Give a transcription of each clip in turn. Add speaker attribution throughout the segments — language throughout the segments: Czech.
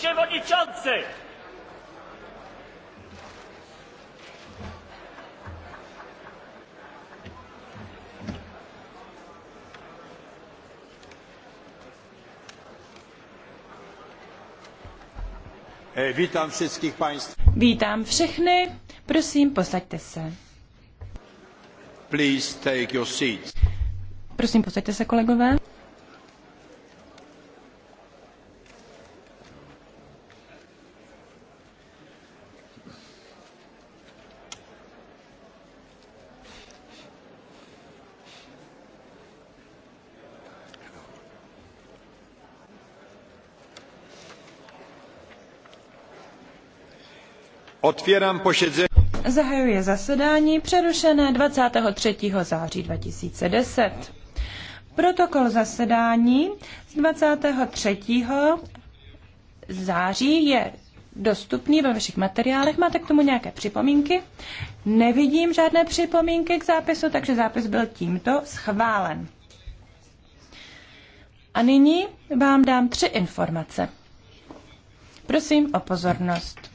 Speaker 1: przewodniczący! Vítám e, všech państw. Vítám všechny. Prosím, posaďte se. Please take your seats. Prosím, posaďte se, kolegové. Otvírám Zahajuje zasedání přerušené 23. září 2010. Protokol zasedání z 23. září je dostupný ve vašich materiálech. Máte k tomu nějaké připomínky? Nevidím žádné připomínky k zápisu, takže zápis byl tímto schválen. A nyní vám dám tři informace. Prosím o pozornost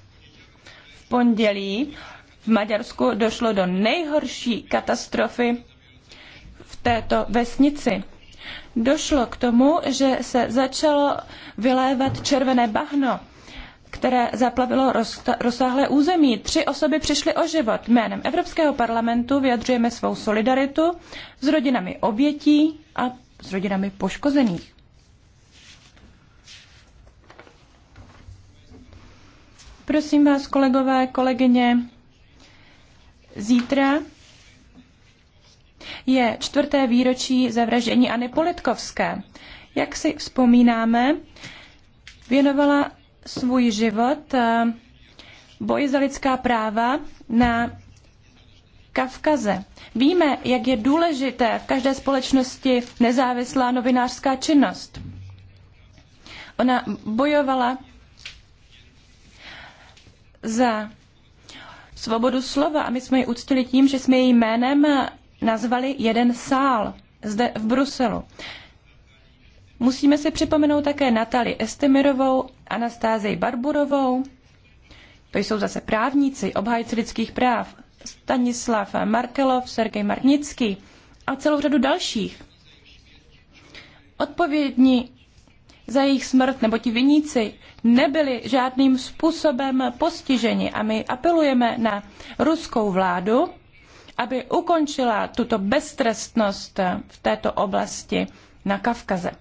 Speaker 1: pondělí v Maďarsku došlo do nejhorší katastrofy v této vesnici. Došlo k tomu, že se začalo vylévat červené bahno, které zaplavilo rozsáhlé území. Tři osoby přišly o život. Jménem Evropského parlamentu vyjadřujeme svou solidaritu s rodinami obětí a s rodinami poškozených. Prosím vás, kolegové, kolegyně, zítra je čtvrté výročí zavraždění Anny Politkovské. Jak si vzpomínáme, věnovala svůj život eh, boji za lidská práva na Kavkaze. Víme, jak je důležité v každé společnosti nezávislá novinářská činnost. Ona bojovala za svobodu slova a my jsme ji uctili tím, že jsme její jménem nazvali jeden sál zde v Bruselu. Musíme si připomenout také Natali Estemirovou, Anastázii Barburovou, to jsou zase právníci, obhájci lidských práv, Stanislav Markelov, Sergej Marnický a celou řadu dalších. Odpovědní za jejich smrt nebo ti viníci nebyli žádným způsobem postiženi. A my apelujeme na ruskou vládu, aby ukončila tuto beztrestnost v této oblasti na Kavkaze.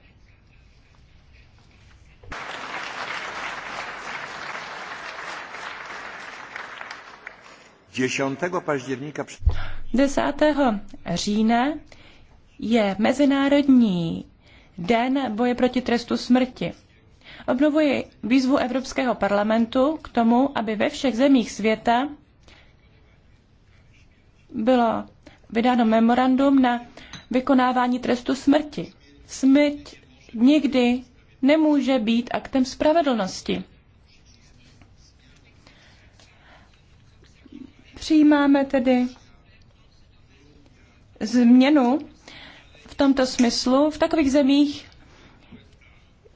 Speaker 1: października 10. října je Mezinárodní Den boje proti trestu smrti. Obnovuji výzvu Evropského parlamentu k tomu, aby ve všech zemích světa bylo vydáno memorandum na vykonávání trestu smrti. Smrt nikdy nemůže být aktem spravedlnosti. Přijímáme tedy změnu v tomto smyslu v takových zemích,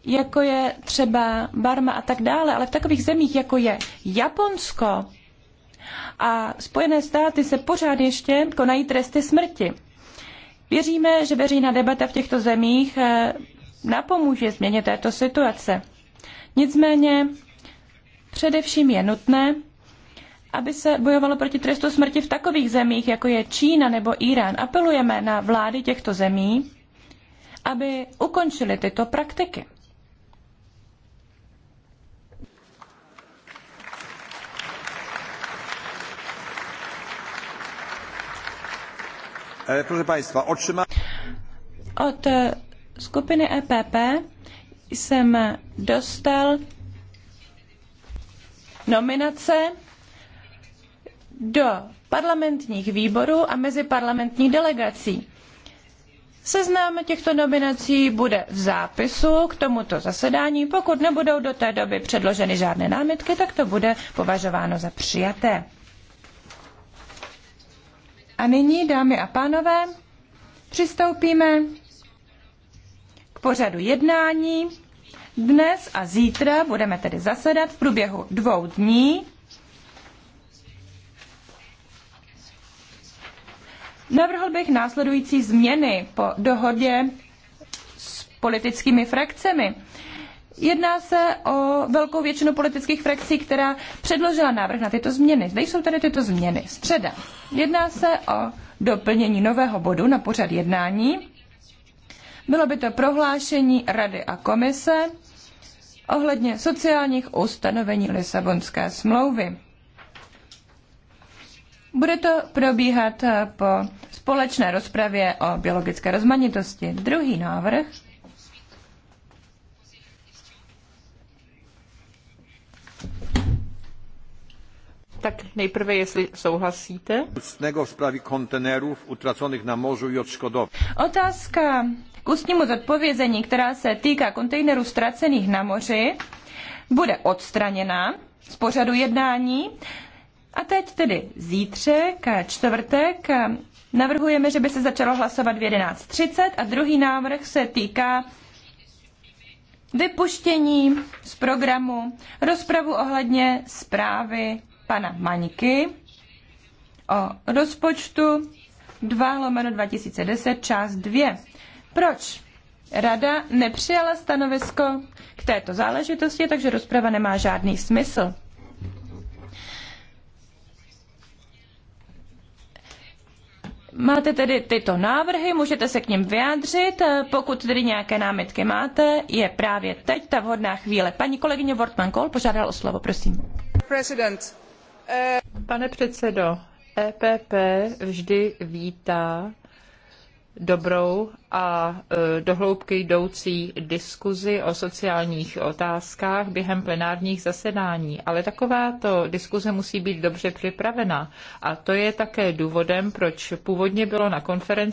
Speaker 1: jako je třeba Barma a tak dále, ale v takových zemích, jako je Japonsko a Spojené státy se pořád ještě konají tresty smrti. Věříme, že veřejná debata v těchto zemích eh, napomůže změně této situace. Nicméně především je nutné, aby se bojovalo proti trestu smrti v takových zemích, jako je Čína nebo Irán. Apelujeme na vlády těchto zemí, aby ukončili tyto praktiky. E, proszę Państwa, otrzyma... Od e, skupiny EPP jsem dostal nominace do parlamentních výborů a meziparlamentních delegací. Seznam těchto nominací bude v zápisu k tomuto zasedání. Pokud nebudou do té doby předloženy žádné námitky, tak to bude považováno za přijaté. A nyní, dámy a pánové, přistoupíme k pořadu jednání. Dnes a zítra budeme tedy zasedat v průběhu dvou dní. Navrhl bych následující změny po dohodě s politickými frakcemi. Jedná se o velkou většinu politických frakcí, která předložila návrh na tyto změny. Zde jsou tady tyto změny. Středa. Jedná se o doplnění nového bodu na pořad jednání. Bylo by to prohlášení Rady a komise ohledně sociálních ustanovení Lisabonské smlouvy. Bude to probíhat eh, po společné rozpravě o biologické rozmanitosti. Druhý návrh Tak nejprve, jestli souhlasíte. Ústného v kontenerů utracených na moři i odškodov. Otázka k ústnímu zodpovězení, která se týká kontejnerů ztracených na moři, bude odstraněna z pořadu jednání. A teď tedy zítřek, čtvrtek, navrhujeme, že by se začalo hlasovat v 11.30 a druhý návrh se týká vypuštění z programu rozpravu ohledně zprávy pana Maňky o rozpočtu 2 lomeno 2010 část 2. Proč? Rada nepřijala stanovisko k této záležitosti, takže rozprava nemá žádný smysl. Máte tedy tyto návrhy, můžete se k ním vyjádřit. Eh, Pokud tedy nějaké námitky máte, je právě teď ta vhodná chvíle. Paní kolegyně wortmann kohl požádal o slovo, prosím. Eh, Pane předsedo, EPP vždy vítá dobrou a e, dohloubky jdoucí diskuzi o sociálních otázkách během plenárních zasedání. Ale takováto diskuze musí být dobře připravena. A to je také důvodem, proč původně bylo na konferenci